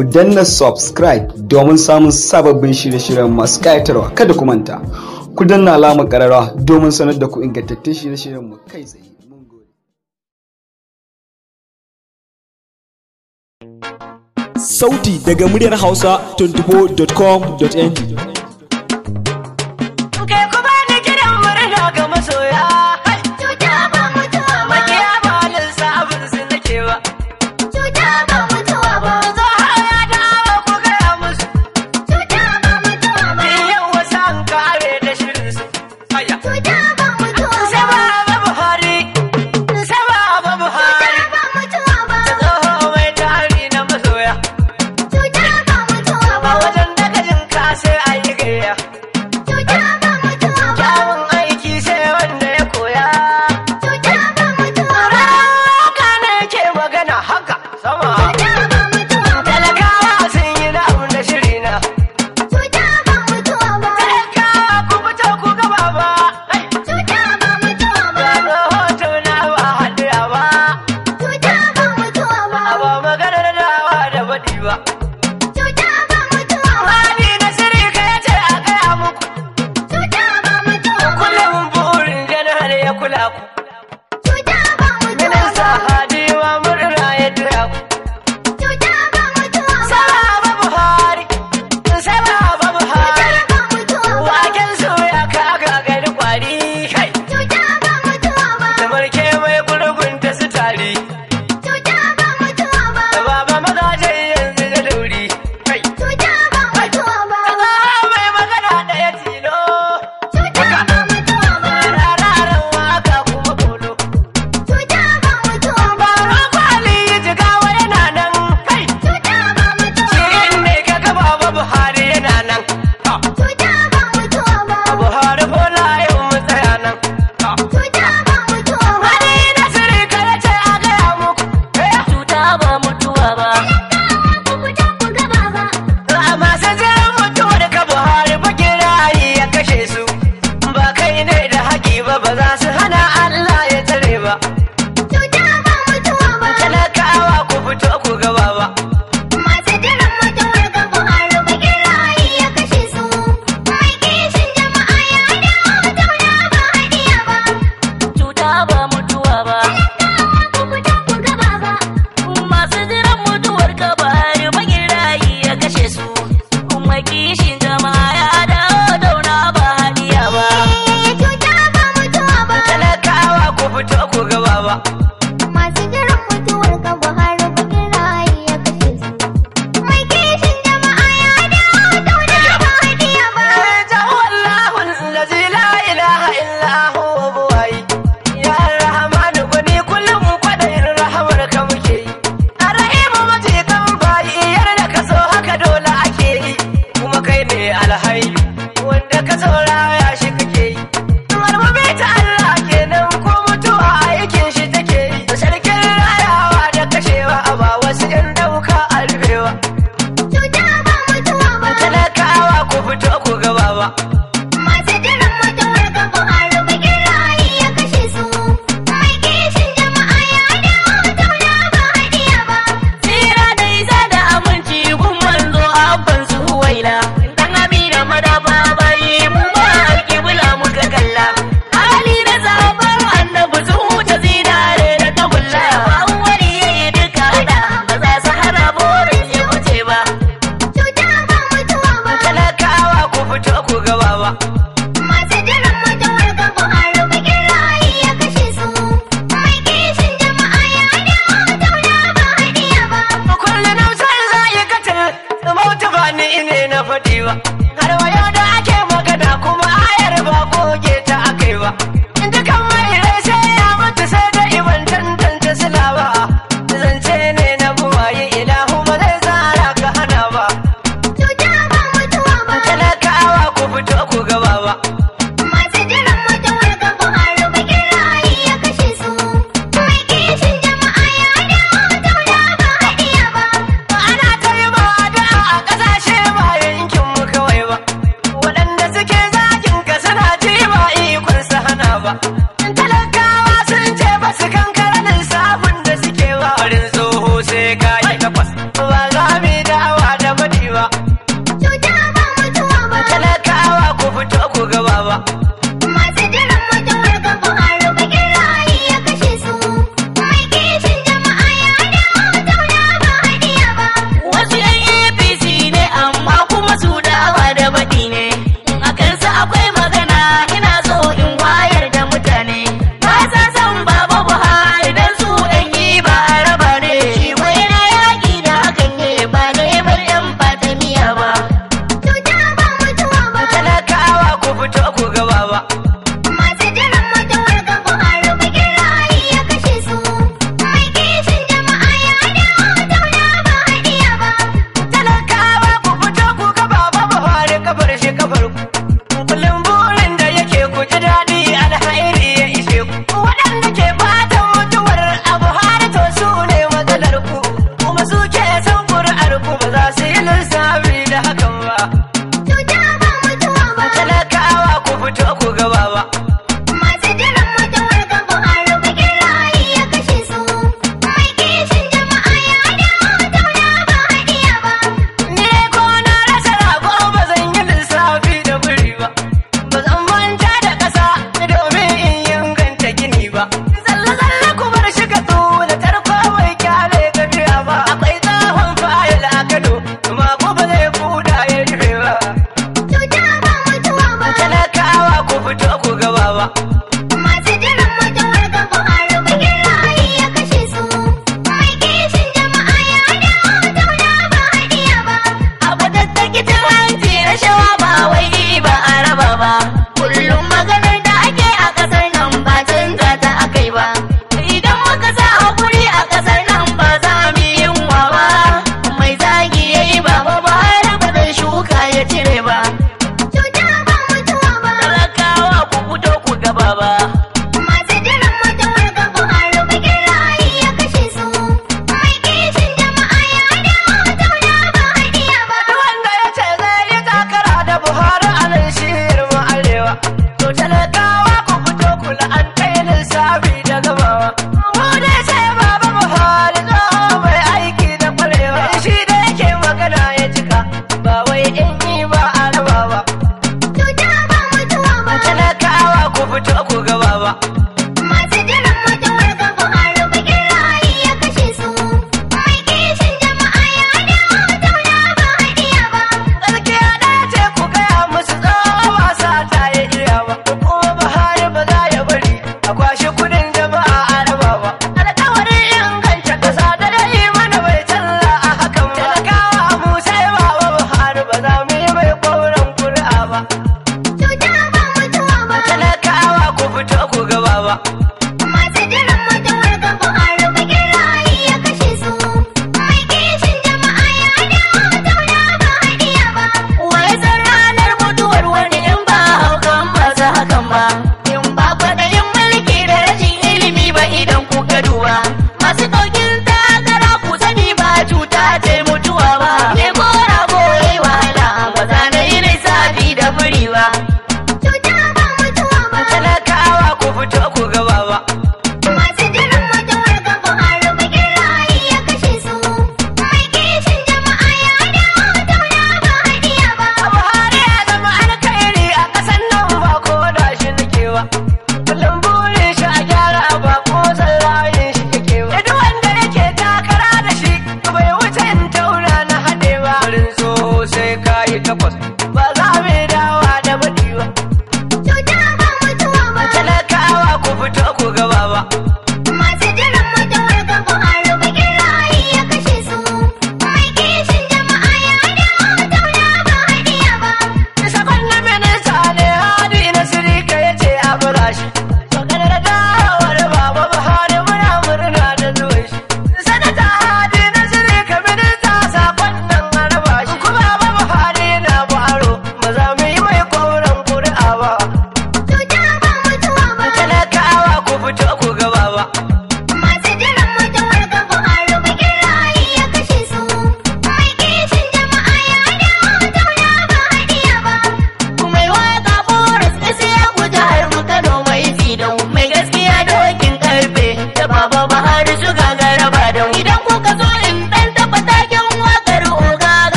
ku danna subscribe domin samun sababbin shirye-shiryen masu kayatarwa kada ku manta ku danna alamar kararwa domin sanar da ku ingantattun shirye-shiryen mu kai tsaye Sauti daga muryar Hausa 24.com.ng ba wajen ne da haƙi ba ba za su hana Allah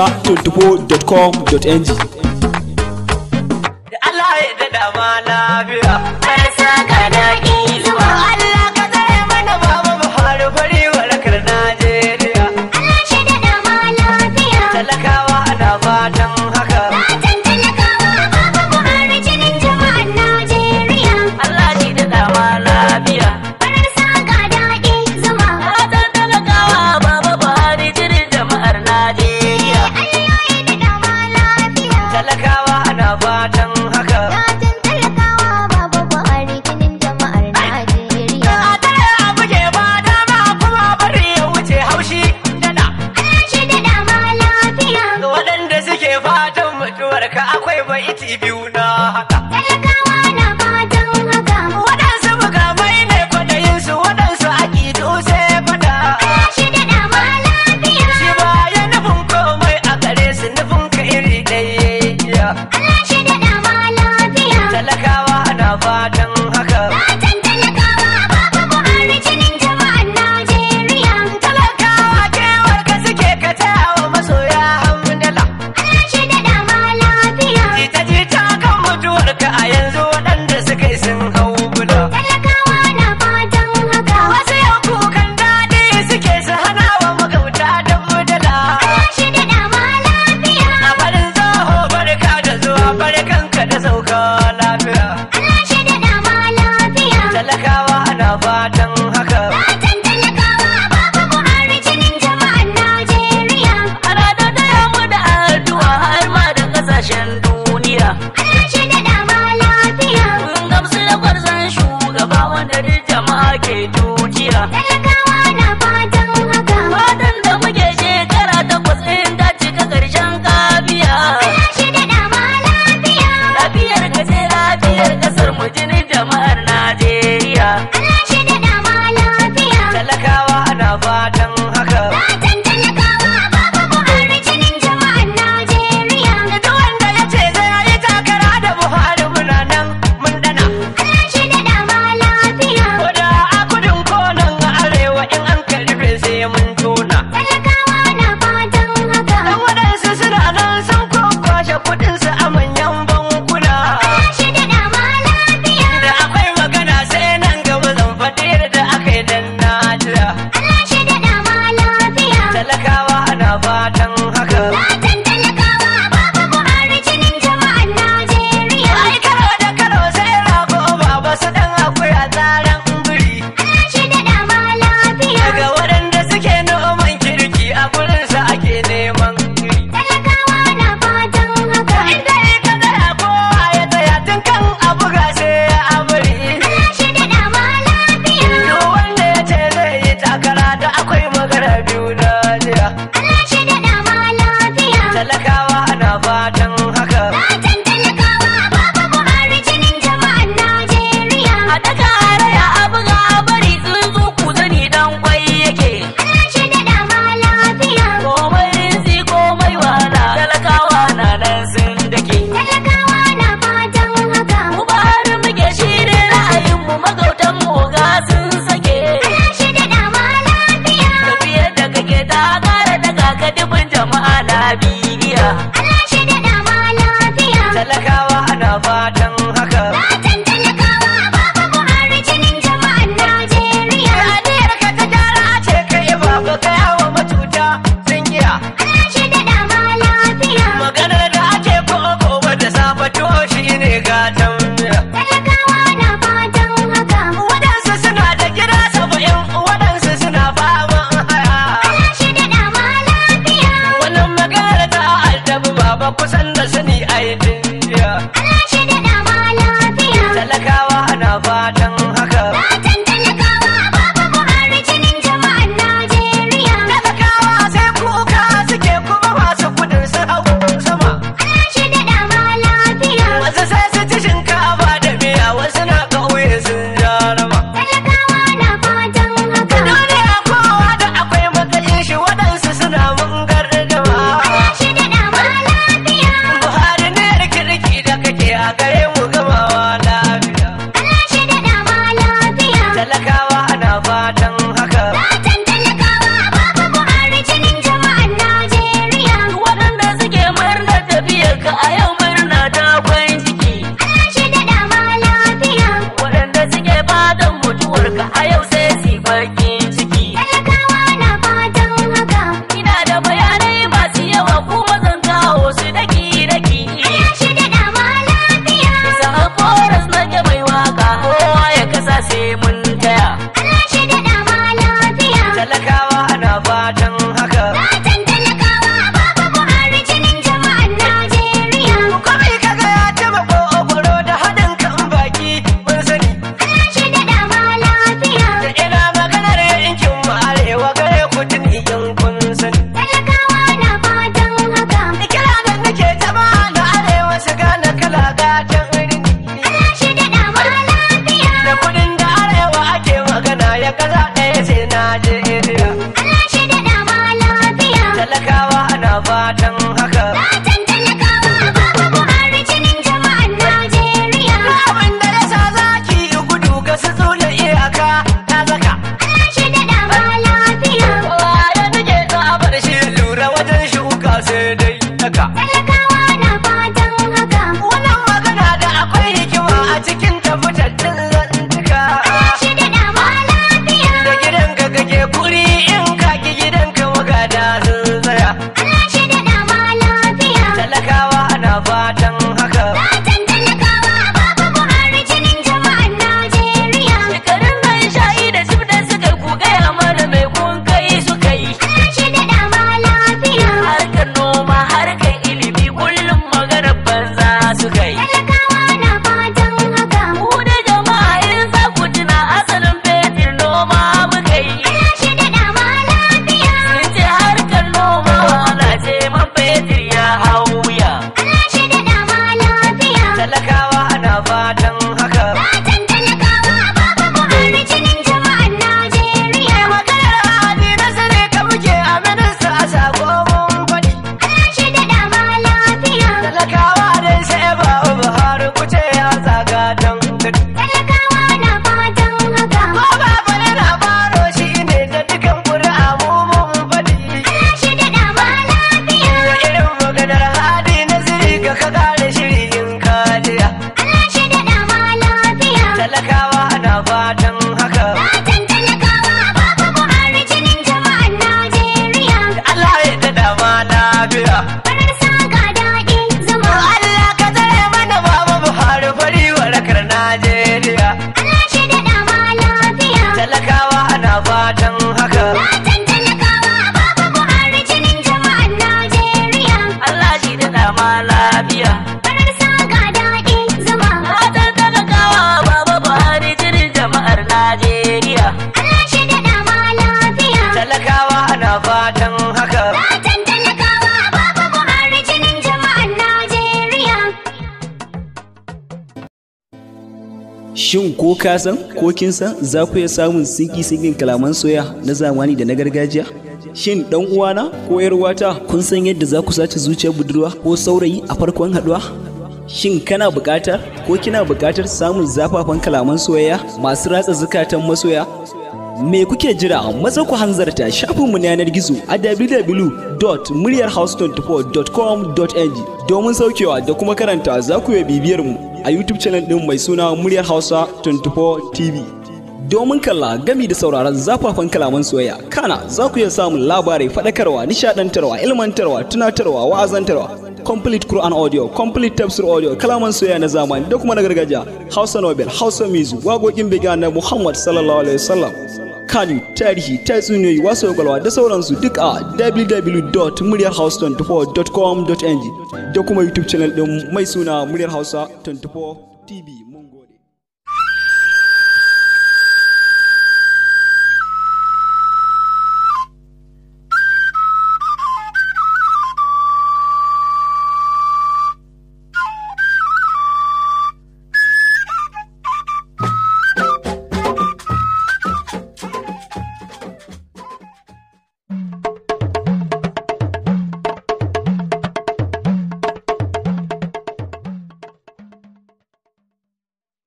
hausa 24.com.ng talakawa na fatan haka shin ko ka san ko kin san za ku iya samun sinki sinkin kalaman soya na zamani da na gargajiya shin dan uwana ko yar uwata kun san yadda za ku sace zuciyar budurwa ko saurayi a farkon haduwa shin kana buƙatar ko kina buƙatar samun zafafan kalaman soyayya masu ratsa zukatan masoya me kuke jira maza ku hanzarta shafinmu na yanar gizo a www.muryarhouse24.com.ng domin saukewa da kuma karanta za ku iya bibiyar mu a YouTube channel ɗin mai suna muryar Hausa 24 TV. Domin kalla gami da sauraron zafafan kalaman soyayya, kana za ku iya samun labarai faɗakarwa, nishaɗantarwa, ilmantarwa, tunatarwa, wa'azantarwa. Complete Quran audio, complete tafsir audio, kalaman soyayya na zamani da kuma na gargajiya, Hausa Nobel, Hausa Mizu, waƙoƙin biga na Muhammad sallallahu alaihi wasallam. kanu tarihi tatsuniyoyi wasu kwakwalwa da sauransu duk a www.muryarhouse24.com.ng da kuma youtube channel din mai suna muryar hausa 24 tv